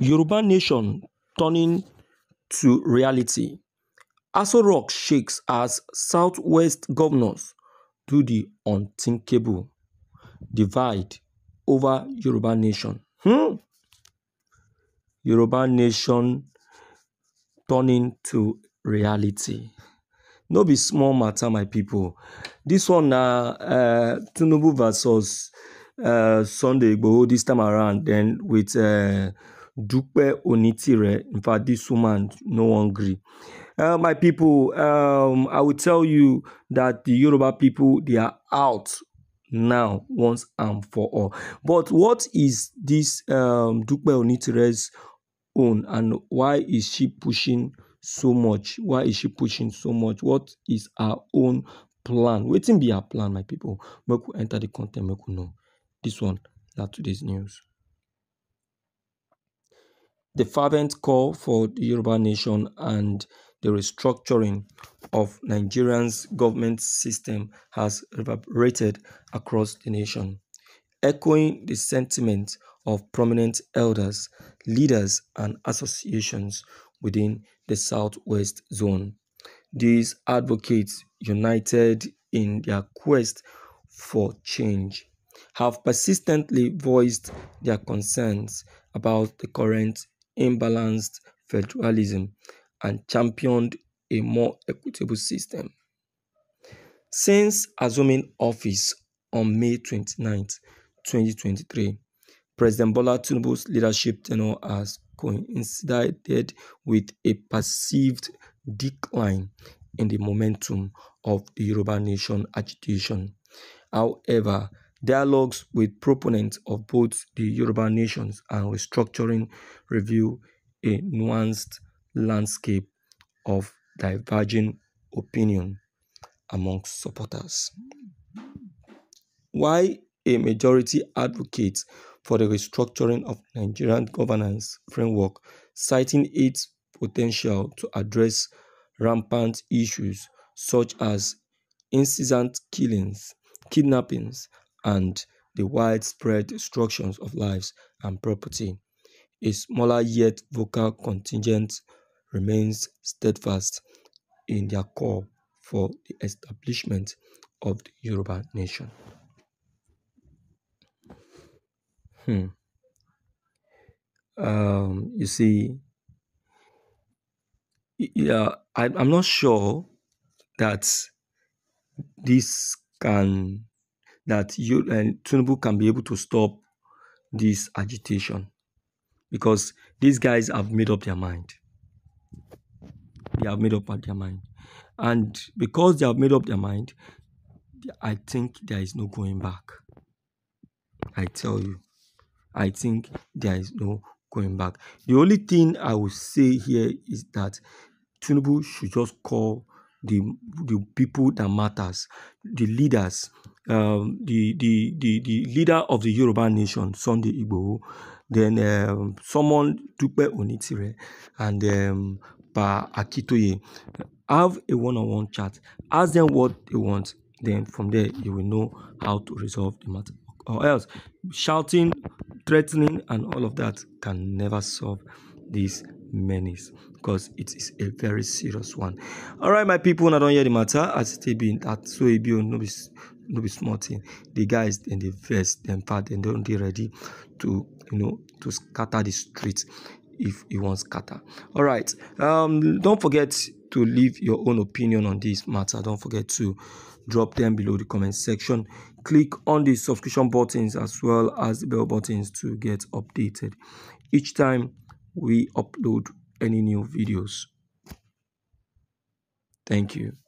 Yorùbá nation turning to reality, Aso Rock shakes as Southwest governors do the unthinkable: divide over Yorùbá nation um hmm? Yorùbá nation turning to reality no be small matter my people. This one na um Tinubu versus Uh, Sunday Igboho this time around Then with uh. Dupe Onitire. In fact, this woman, no hungry. Uh, my people, um, I will tell you that the Yoruba people, they are out now once and for all. But what is this um, Dupe Onitire's own and why is she pushing so much? Why is she pushing so much? What is her own plan? Waiting be her plan, my people. Make we enter the content, make we know. This one, that today's news the fervent call for the Yoruba nation and the restructuring of Nigeria's government system has reverberated across the nation, echoing the sentiment of prominent elders, leaders, and associations within the Southwest Zone. These advocates, united in their quest for change, have persistently voiced their concerns about the current imbalanced federalism and championed a more equitable system. Since assuming office on May 29, 2023, President Bola Tinubu's leadership tenure has coincided with a perceived decline in the momentum of the Yoruba nation agitation. However, dialogues with proponents of both the Yoruba nations and restructuring reveal a nuanced landscape of diverging opinion amongst supporters. Why a majority advocates for the restructuring of Nigerian governance framework, citing its potential to address rampant issues such as incessant killings, kidnappings, and the widespread destruction of lives and property, a smaller yet vocal contingent remains steadfast in their call for the establishment of the Yoruba nation. Hmm. Um, you see, yeah, I, I'm not sure that this can that you and uh, Tunubu can be able to stop this agitation because these guys have made up their mind. They have made up their mind, and because they have made up their mind, I think there is no going back. I tell you, I think there is no going back. The only thing I will say here is that Tinubu should just call the the people that matters, the leaders um, the, the, the, the leader of the Yoruba nation, Sunday Igbo, then um, someone, Dupe Onitire, and um, Pa Akitoye, have a one-on-one chat. Ask them what they want. Then from there, you will know how to resolve the matter. Or else, shouting, threatening, and all of that can never solve this menace because it is a very serious one. All right, my people, I don't hear the matter, as it be that so it no be no be small thing. The guys in the vest, them fat, and don't be ready to you know to scatter the streets if he wants scatter. All right. Um, don't forget to leave your own opinion on this matter. Don't forget to drop them below the comment section. Click on the subscription buttons as well as the bell buttons to get updated each time we upload any new videos. Thank you.